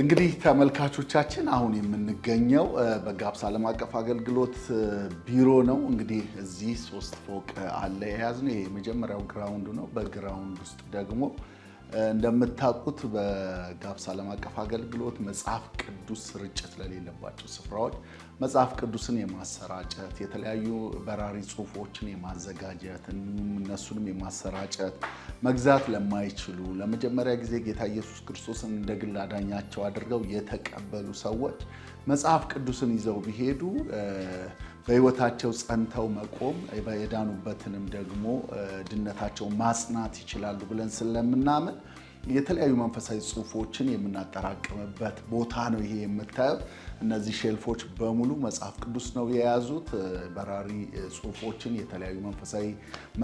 እንግዲህ ተመልካቾቻችን አሁን የምንገኘው በጋብስ ዓለም አቀፍ አገልግሎት ቢሮ ነው። እንግዲህ እዚህ ሶስት ፎቅ አለ የያዝነው። ይሄ የመጀመሪያው ግራውንድ ነው። በግራውንድ ውስጥ ደግሞ እንደምታውቁት በጋብስ ዓለም አቀፍ አገልግሎት መጽሐፍ ቅዱስ ስርጭት ለሌለባቸው ስፍራዎች መጽሐፍ ቅዱስን የማሰራጨት የተለያዩ በራሪ ጽሁፎችን የማዘጋጀት እነሱንም የማሰራጨት መግዛት ለማይችሉ ለመጀመሪያ ጊዜ ጌታ ኢየሱስ ክርስቶስን እንደ ግል አዳኛቸው አድርገው የተቀበሉ ሰዎች መጽሐፍ ቅዱስን ይዘው ቢሄዱ በሕይወታቸው ጸንተው መቆም የዳኑበትንም ደግሞ ድነታቸው ማጽናት ይችላሉ ብለን ስለምናምን የተለያዩ መንፈሳዊ ጽሁፎችን የምናጠራቅምበት ቦታ ነው። ይሄ የምታዩት እነዚህ ሼልፎች በሙሉ መጽሐፍ ቅዱስ ነው የያዙት። በራሪ ጽሁፎችን፣ የተለያዩ መንፈሳዊ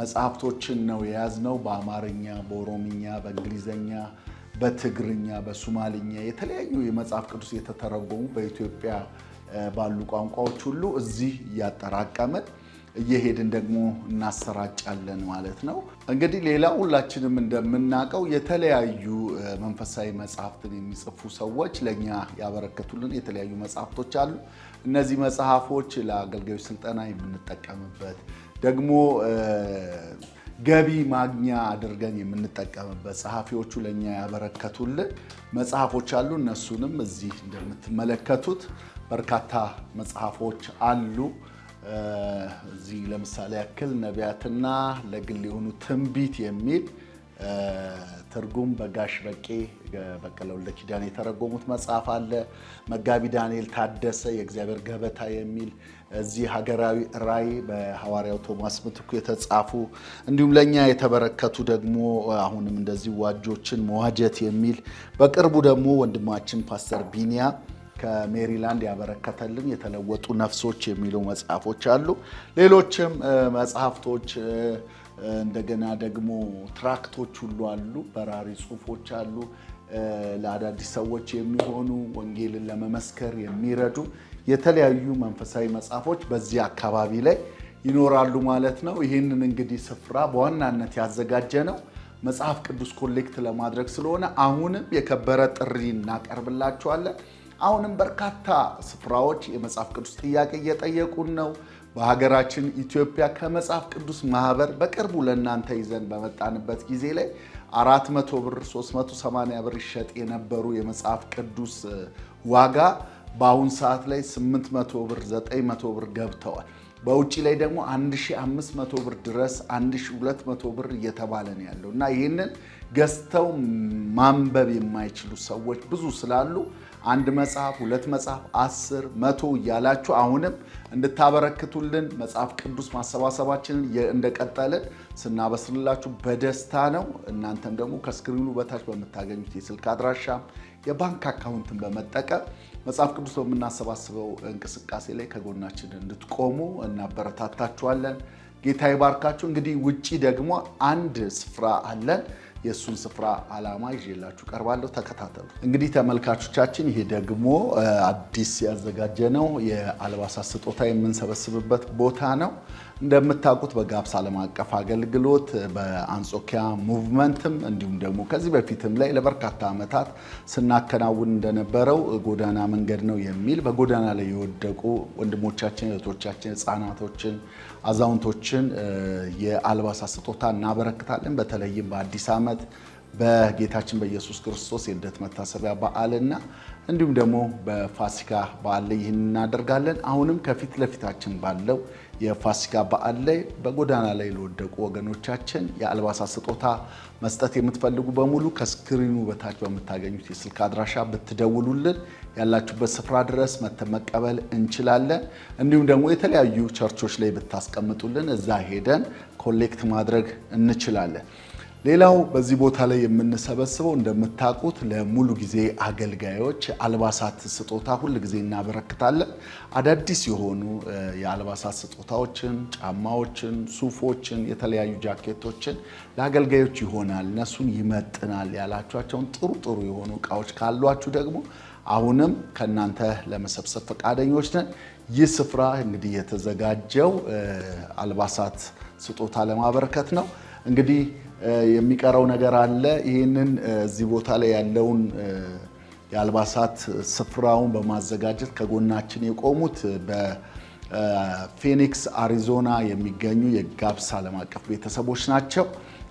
መጽሐፍቶችን ነው የያዝነው። በአማርኛ፣ በኦሮምኛ፣ በእንግሊዝኛ፣ በትግርኛ፣ በሱማልኛ የተለያዩ የመጽሐፍ ቅዱስ የተተረጎሙ በኢትዮጵያ ባሉ ቋንቋዎች ሁሉ እዚህ እያጠራቀምን እየሄድን ደግሞ እናሰራጫለን ማለት ነው። እንግዲህ ሌላ ሁላችንም እንደምናውቀው የተለያዩ መንፈሳዊ መጽሐፍትን የሚጽፉ ሰዎች ለእኛ ያበረከቱልን የተለያዩ መጽሐፍቶች አሉ። እነዚህ መጽሐፎች ለአገልጋዮች ስልጠና የምንጠቀምበት ደግሞ ገቢ ማግኛ አድርገን የምንጠቀምበት ጸሐፊዎቹ ለእኛ ያበረከቱልን መጽሐፎች አሉ። እነሱንም እዚህ እንደምትመለከቱት በርካታ መጽሐፎች አሉ። እዚህ ለምሳሌ ያክል ነቢያትና ለግል የሆኑ ትንቢት የሚል ትርጉም በጋሽ በቄ በቀለ ወልደ ኪዳን የተረጎሙት መጽሐፍ አለ። መጋቢ ዳንኤል ታደሰ የእግዚአብሔር ገበታ የሚል እዚህ ሀገራዊ ራይ በሐዋርያው ቶማስ ምትኩ የተጻፉ እንዲሁም ለእኛ የተበረከቱ ደግሞ አሁንም እንደዚህ ዋጆችን መዋጀት የሚል በቅርቡ ደግሞ ወንድማችን ፓስተር ቢኒያ ከሜሪላንድ ያበረከተልን የተለወጡ ነፍሶች የሚሉ መጽሐፎች አሉ። ሌሎችም መጽሐፍቶች እንደገና ደግሞ ትራክቶች ሁሉ አሉ፣ በራሪ ጽሁፎች አሉ። ለአዳዲስ ሰዎች የሚሆኑ ወንጌልን ለመመስከር የሚረዱ የተለያዩ መንፈሳዊ መጽሐፎች በዚህ አካባቢ ላይ ይኖራሉ ማለት ነው። ይህንን እንግዲህ ስፍራ በዋናነት ያዘጋጀ ነው መጽሐፍ ቅዱስ ኮሌክት ለማድረግ ስለሆነ አሁንም የከበረ ጥሪ እናቀርብላችኋለን። አሁንም በርካታ ስፍራዎች የመጽሐፍ ቅዱስ ጥያቄ እየጠየቁን ነው። በሀገራችን ኢትዮጵያ ከመጽሐፍ ቅዱስ ማህበር በቅርቡ ለእናንተ ይዘን በመጣንበት ጊዜ ላይ 400 ብር፣ 380 ብር ይሸጥ የነበሩ የመጽሐፍ ቅዱስ ዋጋ በአሁን ሰዓት ላይ 800 ብር፣ 900 ብር ገብተዋል። በውጭ ላይ ደግሞ 1500 ብር ድረስ 1200 ብር እየተባለ ነው ያለው እና ይህንን ገዝተው ማንበብ የማይችሉ ሰዎች ብዙ ስላሉ አንድ መጽሐፍ፣ ሁለት መጽሐፍ፣ አስር መቶ እያላችሁ አሁንም እንድታበረክቱልን መጽሐፍ ቅዱስ ማሰባሰባችንን እንደቀጠልን ስናበስርላችሁ በደስታ ነው። እናንተም ደግሞ ከስክሪኑ በታች በምታገኙት የስልክ አድራሻም የባንክ አካውንትን በመጠቀም መጽሐፍ ቅዱስ በምናሰባስበው እንቅስቃሴ ላይ ከጎናችን እንድትቆሙ እናበረታታችኋለን። ጌታ ይባርካችሁ። እንግዲህ ውጪ ደግሞ አንድ ስፍራ አለን። የእሱን ስፍራ አላማ ይዤላችሁ ቀርባለሁ። ተከታተሉ። እንግዲህ ተመልካቾቻችን፣ ይሄ ደግሞ አዲስ ያዘጋጀ ነው የአልባሳት ስጦታ የምንሰበስብበት ቦታ ነው። እንደምታውቁት በጋብስ ዓለም አቀፍ አገልግሎት በአንጾኪያ ሙቭመንትም እንዲሁም ደግሞ ከዚህ በፊትም ላይ ለበርካታ ዓመታት ስናከናውን እንደነበረው ጎዳና መንገድ ነው የሚል በጎዳና ላይ የወደቁ ወንድሞቻችን፣ እህቶቻችን፣ ህፃናቶችን፣ አዛውንቶችን የአልባሳት ስጦታ እናበረክታለን። በተለይም በአዲስ ዓመት ዓመት በጌታችን በኢየሱስ ክርስቶስ የልደት መታሰቢያ በዓልና እንዲሁም ደግሞ በፋሲካ በዓል ላይ ይህን እናደርጋለን። አሁንም ከፊት ለፊታችን ባለው የፋሲካ በዓል ላይ በጎዳና ላይ ለወደቁ ወገኖቻችን የአልባሳት ስጦታ መስጠት የምትፈልጉ በሙሉ ከስክሪኑ በታች በምታገኙት የስልክ አድራሻ ብትደውሉልን ያላችሁበት ስፍራ ድረስ መተን መቀበል እንችላለን። እንዲሁም ደግሞ የተለያዩ ቸርቾች ላይ ብታስቀምጡልን እዛ ሄደን ኮሌክት ማድረግ እንችላለን። ሌላው በዚህ ቦታ ላይ የምንሰበስበው እንደምታውቁት ለሙሉ ጊዜ አገልጋዮች አልባሳት ስጦታ ሁል ጊዜ እናበረክታለን። አዳዲስ የሆኑ የአልባሳት ስጦታዎችን፣ ጫማዎችን፣ ሱፎችን፣ የተለያዩ ጃኬቶችን ለአገልጋዮች ይሆናል፣ እነሱን ይመጥናል ያላችኋቸውን ጥሩ ጥሩ የሆኑ እቃዎች ካሏችሁ ደግሞ አሁንም ከእናንተ ለመሰብሰብ ፈቃደኞች ነን። ይህ ስፍራ እንግዲህ የተዘጋጀው አልባሳት ስጦታ ለማበረከት ነው። እንግዲህ የሚቀረው ነገር አለ። ይህንን እዚህ ቦታ ላይ ያለውን የአልባሳት ስፍራውን በማዘጋጀት ከጎናችን የቆሙት በፌኒክስ አሪዞና የሚገኙ የጋብስ ዓለም አቀፍ ቤተሰቦች ናቸው።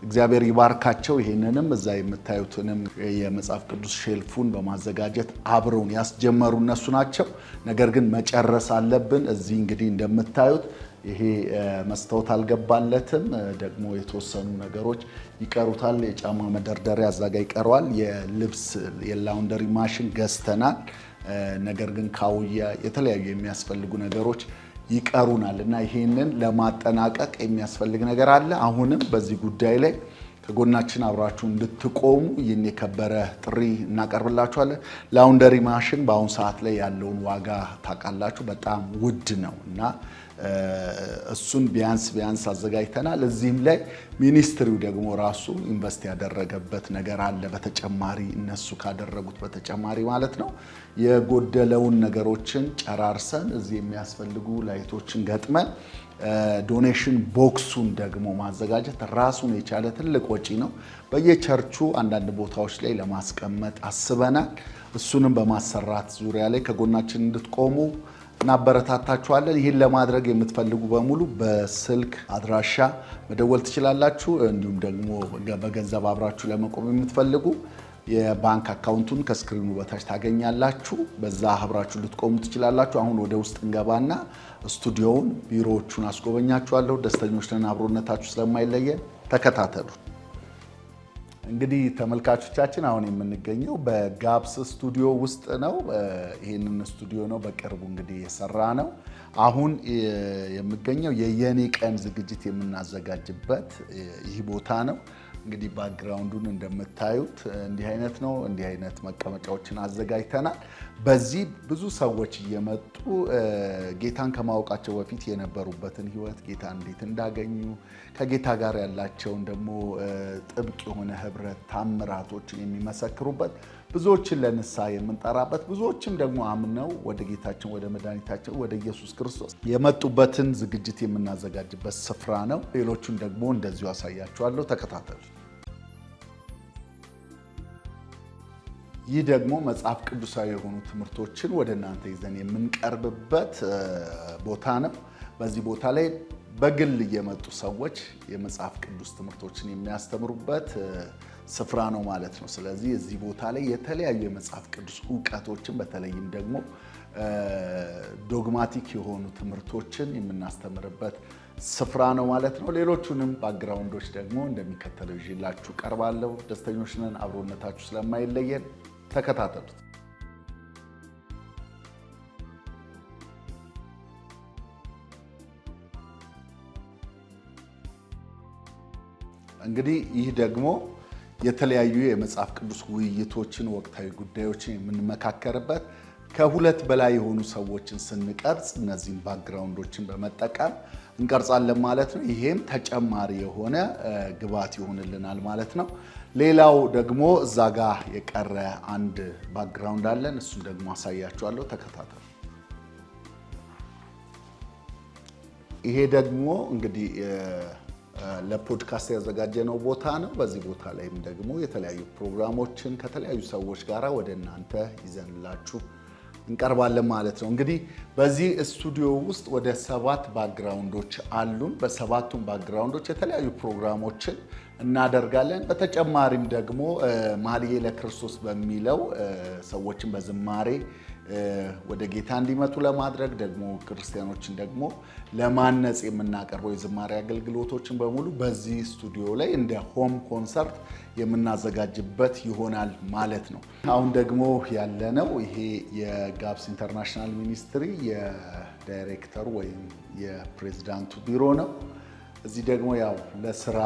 እግዚአብሔር ይባርካቸው። ይህንንም እዛ የምታዩትንም የመጽሐፍ ቅዱስ ሼልፉን በማዘጋጀት አብረውን ያስጀመሩ እነሱ ናቸው። ነገር ግን መጨረስ አለብን። እዚህ እንግዲህ እንደምታዩት ይሄ መስታወት አልገባለትም፣ ደግሞ የተወሰኑ ነገሮች ይቀሩታል። የጫማ መደርደሪያ እዛ ጋ ይቀረዋል። የልብስ የላውንደሪ ማሽን ገዝተናል። ነገር ግን ካውያ፣ የተለያዩ የሚያስፈልጉ ነገሮች ይቀሩናል እና ይሄንን ለማጠናቀቅ የሚያስፈልግ ነገር አለ። አሁንም በዚህ ጉዳይ ላይ ከጎናችን አብራችሁ እንድትቆሙ ይህን የከበረ ጥሪ እናቀርብላችኋለን። ላውንደሪ ማሽን በአሁኑ ሰዓት ላይ ያለውን ዋጋ ታውቃላችሁ፣ በጣም ውድ ነው እና እሱን ቢያንስ ቢያንስ አዘጋጅተናል። እዚህም ላይ ሚኒስትሪው ደግሞ ራሱ ኢንቨስት ያደረገበት ነገር አለ። በተጨማሪ እነሱ ካደረጉት በተጨማሪ ማለት ነው። የጎደለውን ነገሮችን ጨራርሰን እዚህ የሚያስፈልጉ ላይቶችን ገጥመን ዶኔሽን ቦክሱን ደግሞ ማዘጋጀት ራሱን የቻለ ትልቅ ወጪ ነው። በየቸርቹ አንዳንድ ቦታዎች ላይ ለማስቀመጥ አስበናል። እሱንም በማሰራት ዙሪያ ላይ ከጎናችን እንድትቆሙ እናበረታታችኋለን። ይህን ለማድረግ የምትፈልጉ በሙሉ በስልክ አድራሻ መደወል ትችላላችሁ። እንዲሁም ደግሞ በገንዘብ አብራችሁ ለመቆም የምትፈልጉ የባንክ አካውንቱን ከስክሪኑ በታች ታገኛላችሁ። በዛ አብራችሁ ልትቆሙ ትችላላችሁ። አሁን ወደ ውስጥ እንገባና ስቱዲዮውን፣ ቢሮዎቹን አስጎበኛችኋለሁ። ደስተኞች ነን። አብሮነታችሁ ስለማይለየ ተከታተሉ። እንግዲህ ተመልካቾቻችን አሁን የምንገኘው በጋብስ ስቱዲዮ ውስጥ ነው። ይህንን ስቱዲዮ ነው በቅርቡ እንግዲህ የሰራ ነው። አሁን የምገኘው የየኔ ቀን ዝግጅት የምናዘጋጅበት ይህ ቦታ ነው። እንግዲህ ባክግራውንዱን እንደምታዩት እንዲህ አይነት ነው። እንዲህ አይነት መቀመጫዎችን አዘጋጅተናል። በዚህ ብዙ ሰዎች እየመጡ ጌታን ከማወቃቸው በፊት የነበሩበትን ሕይወት ጌታ እንዴት እንዳገኙ ከጌታ ጋር ያላቸውን ደግሞ ጥብቅ የሆነ ህብረት ታምራቶችን የሚመሰክሩበት ብዙዎችን ለንስሐ የምንጠራበት ብዙዎችም ደግሞ አምነው ወደ ጌታችን ወደ መድኃኒታችን ወደ ኢየሱስ ክርስቶስ የመጡበትን ዝግጅት የምናዘጋጅበት ስፍራ ነው። ሌሎቹን ደግሞ እንደዚሁ አሳያችኋለሁ። ተከታተሉ። ይህ ደግሞ መጽሐፍ ቅዱሳዊ የሆኑ ትምህርቶችን ወደ እናንተ ይዘን የምንቀርብበት ቦታ ነው። በዚህ ቦታ ላይ በግል እየመጡ ሰዎች የመጽሐፍ ቅዱስ ትምህርቶችን የሚያስተምሩበት ስፍራ ነው ማለት ነው። ስለዚህ እዚህ ቦታ ላይ የተለያዩ የመጽሐፍ ቅዱስ እውቀቶችን በተለይም ደግሞ ዶግማቲክ የሆኑ ትምህርቶችን የምናስተምርበት ስፍራ ነው ማለት ነው። ሌሎቹንም ባክግራውንዶች ደግሞ እንደሚከተለው ይዤላችሁ ቀርባለሁ። ደስተኞች ነን፣ አብሮነታችሁ ስለማይለየን ተከታተሉት። እንግዲህ ይህ ደግሞ የተለያዩ የመጽሐፍ ቅዱስ ውይይቶችን፣ ወቅታዊ ጉዳዮችን የምንመካከርበት ከሁለት በላይ የሆኑ ሰዎችን ስንቀርጽ እነዚህን ባክግራውንዶችን በመጠቀም እንቀርጻለን ማለት ነው። ይሄም ተጨማሪ የሆነ ግብዓት ይሆንልናል ማለት ነው። ሌላው ደግሞ እዛ ጋ የቀረ አንድ ባክግራውንድ አለን። እሱን ደግሞ አሳያችኋለሁ። ተከታተሉ። ይሄ ደግሞ እንግዲህ ለፖድካስት ያዘጋጀነው ቦታ ነው። በዚህ ቦታ ላይም ደግሞ የተለያዩ ፕሮግራሞችን ከተለያዩ ሰዎች ጋር ወደ እናንተ ይዘንላችሁ እንቀርባለን ማለት ነው። እንግዲህ በዚህ ስቱዲዮ ውስጥ ወደ ሰባት ባክግራውንዶች አሉን። በሰባቱም ባክግራውንዶች የተለያዩ ፕሮግራሞችን እናደርጋለን። በተጨማሪም ደግሞ መኃልየ ለክርስቶስ በሚለው ሰዎችን በዝማሬ ወደ ጌታ እንዲመጡ ለማድረግ ደግሞ ክርስቲያኖችን ደግሞ ለማነጽ የምናቀርበው የዝማሬ አገልግሎቶችን በሙሉ በዚህ ስቱዲዮ ላይ እንደ ሆም ኮንሰርት የምናዘጋጅበት ይሆናል ማለት ነው። አሁን ደግሞ ያለነው ይሄ የጋብስ ኢንተርናሽናል ሚኒስትሪ የዳይሬክተሩ ወይም የፕሬዝዳንቱ ቢሮ ነው። እዚህ ደግሞ ያው ለስራ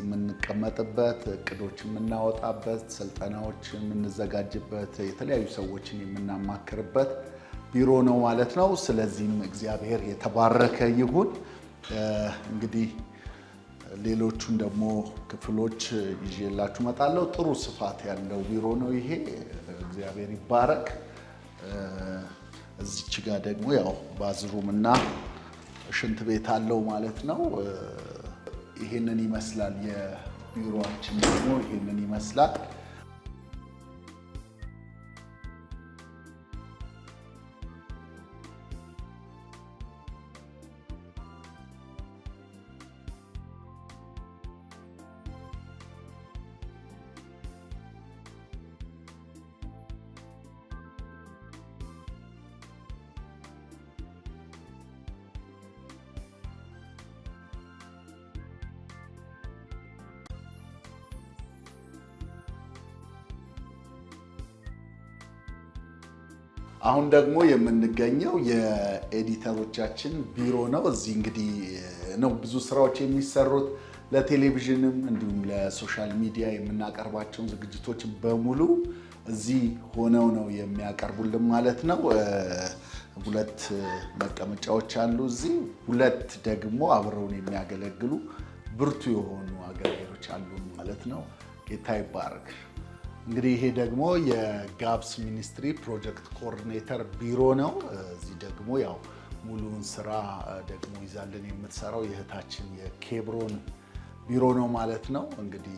የምንቀመጥበት እቅዶች የምናወጣበት ስልጠናዎች የምንዘጋጅበት የተለያዩ ሰዎችን የምናማክርበት ቢሮ ነው ማለት ነው። ስለዚህም እግዚአብሔር የተባረከ ይሁን። እንግዲህ ሌሎቹን ደግሞ ክፍሎች ይዤላችሁ እመጣለሁ። ጥሩ ስፋት ያለው ቢሮ ነው ይሄ። እግዚአብሔር ይባረክ። እዚች ጋር ደግሞ ያው ባዝሩም እና ሽንት ቤት አለው ማለት ነው። ይሄንን ይመስላል። የቢሮችን ደግሞ ይሄንን ይመስላል። አሁን ደግሞ የምንገኘው የኤዲተሮቻችን ቢሮ ነው። እዚህ እንግዲህ ነው ብዙ ስራዎች የሚሰሩት ለቴሌቪዥንም እንዲሁም ለሶሻል ሚዲያ የምናቀርባቸውን ዝግጅቶች በሙሉ እዚህ ሆነው ነው የሚያቀርቡልን ማለት ነው። ሁለት መቀመጫዎች አሉ እዚህ፣ ሁለት ደግሞ አብረውን የሚያገለግሉ ብርቱ የሆኑ አገልጋዮች አሉ ማለት ነው። ጌታ ይባረክ። እንግዲህ ይሄ ደግሞ የጋብስ ሚኒስትሪ ፕሮጀክት ኮኦርዲኔተር ቢሮ ነው። እዚህ ደግሞ ያው ሙሉውን ስራ ደግሞ ይዛልን የምትሰራው የእህታችን የኬብሮን ቢሮ ነው ማለት ነው። እንግዲህ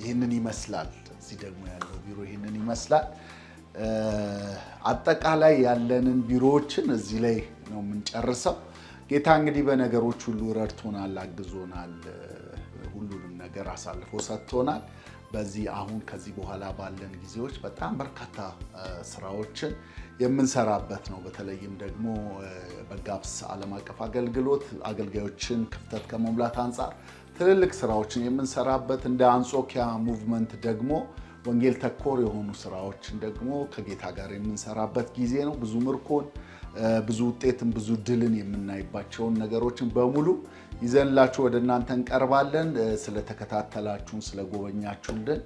ይህንን ይመስላል። እዚህ ደግሞ ያለው ቢሮ ይህንን ይመስላል። አጠቃላይ ያለንን ቢሮዎችን እዚህ ላይ ነው የምንጨርሰው። ጌታ እንግዲህ በነገሮች ሁሉ ረድቶናል፣ አግዞናል፣ ሁሉንም ነገር አሳልፎ ሰጥቶናል። በዚህ አሁን ከዚህ በኋላ ባለን ጊዜዎች በጣም በርካታ ስራዎችን የምንሰራበት ነው። በተለይም ደግሞ በጋፕስ ዓለም አቀፍ አገልግሎት አገልጋዮችን ክፍተት ከመሙላት አንጻር ትልልቅ ስራዎችን የምንሰራበት እንደ አንጾኪያ ሙቭመንት ደግሞ ወንጌል ተኮር የሆኑ ስራዎችን ደግሞ ከጌታ ጋር የምንሰራበት ጊዜ ነው። ብዙ ምርኮን፣ ብዙ ውጤትን፣ ብዙ ድልን የምናይባቸውን ነገሮችን በሙሉ ይዘንላችሁ ወደ እናንተ እንቀርባለን። ስለተከታተላችሁን፣ ስለጎበኛችሁልን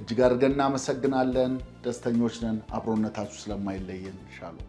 እጅግ አድርገን እናመሰግናለን። ደስተኞች ነን። አብሮነታችሁ ስለማይለየን ሻሉ